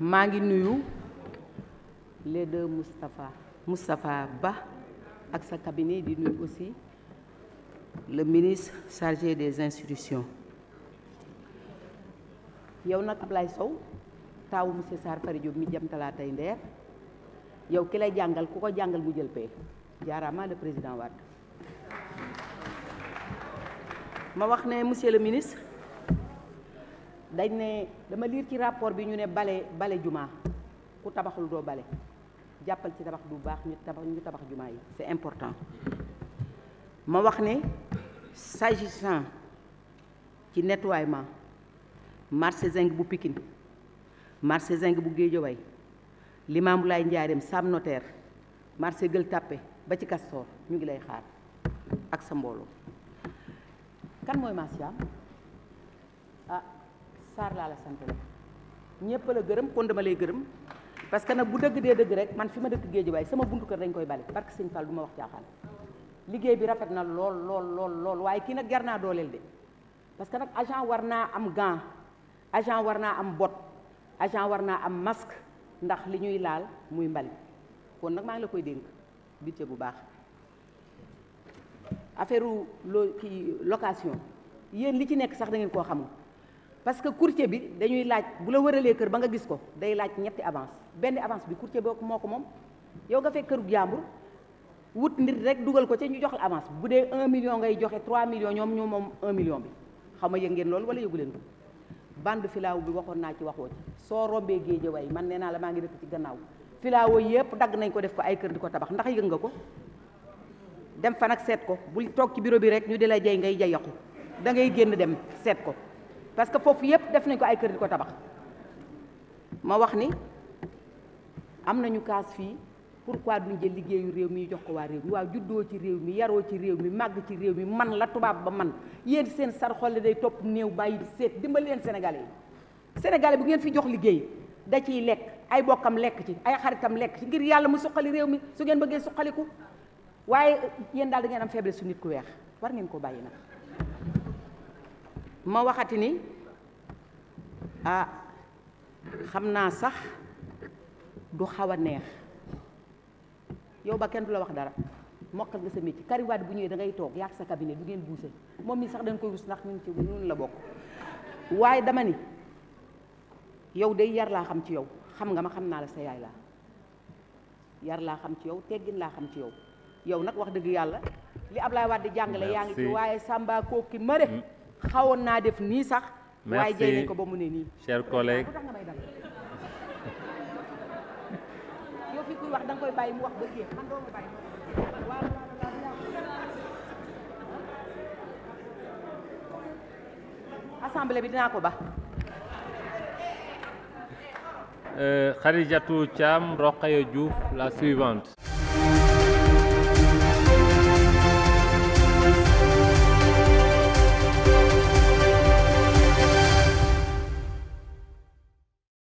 maa les deux Moustapha Ba ak sa cabinet aussi le ministre chargé des institutions yow nak Sow monsieur Sarr Farid Diop mi jam ndeer yow ki lay mu le président Wade ma monsieur le ministre dañ dama lire ci rapport bi ñu né balé balé juma ku tabaxul do balé jàppal ci tabax du bax ñu tabax ñu tabax juma yi c'est important ma wax ne s'agissant ci nettoiement marché zinc bu Pikine marché zinc bu l'imam lay Ndiarème Sam Notaire marché Gueule tapé ba ci Castor ñu ngi lay xaar ak sa mbolo kan moy Mass Thiam ah Sarr laa la sant la ñëpp la gërëm kon dama lay gërëm parce que nag bu dëgg dee dëgg rek man fi ma dëkk Géejawaay sama buntu kër dañ koy bale barke sëñ Fall du ma wax caaxaan liggéey bi rafet na lool lool lool lool waaye kii nag jar naa dooleel de parce que nag agent war naa am gan agent war naa am bot agent war naa am masque ndax li ñuy laal muy mbali kon nag maa ngi la koy dénk budget bu baax affaire lo kii location yéen li ci nekk sax da ngeen koo xamul parce que courtier bi dañuy laaj bu la wëralee kër ba nga gis ko day laaj ñetti avance benn avance bi courtier boo moo ko moom yow nga fekk këru jàmbur wut nit rek dugal ko ca ñu jox avance bu dee un million ngay joxe 3 millions ñoom ñoo moom 1 million bi xam ma yëg ngeen loolu wala yëgu leen ko bande filaaw bi waxoon naa ci waxoo ci soo rombee way man nee naa la maa ngi dëkk ci gannaaw filaawo yëpp dagg nañ ko def ko ay kër di ko tabax ndax yëg nga ko dem fa nag seet ko bul toog ci bi rek ñu di la jay ngay jay yaqu da ngay génn dem seet ko parce que foofu yëpp def nañ ko ay kër di ko tabax ma wax ni am nañu kaas fii pour pourquoi duñ jël liggéeyu réew mi jox ko waa réew mi waaw juddoo ci réew mi yaroo ci réew mi màgg ci réew mi man la tubaab ba man yéen seen sar xolle day topp néew bàyyi seet dimbali leen sénégalais yi sénégalais bu ngeen fi jox liggéey da ciy lekk ay bokkam lekk ci ay xaritam lekk ci ngir yàlla mu suqali réew mi su ngeen bëggee suqaliku waaye yéen daal da ngeen am faiblesse su nit ku weex war ngeen ko bàyyi nag ma waxati ni ah xam naa sax du xaw a neex yow ba kenn du la wax dara mokkal nga sa métier kariwaat bu ñëwee da ngay toog yaag sa cabinet du ngeen buuse moom mi sax dañ koy rus ndax ñun ci ñun la bokk waaye dama ni yow day yar laa xam ci yow xam nga ma xam naa la sa yaay laa yar laa xam ci yow teggin laa xam ci yow yow nag wax dëgg yàlla li Ablaye Wade di jàngale yaa ngi ci waaye Samba kooki mare mm. xawoon naa def nii sax waaye jey nañ ba mu ne cher collègue yow fi kuy wax da koy mu wax ba man doo ma bàyyi assemblée bi ko ba euh, la suivante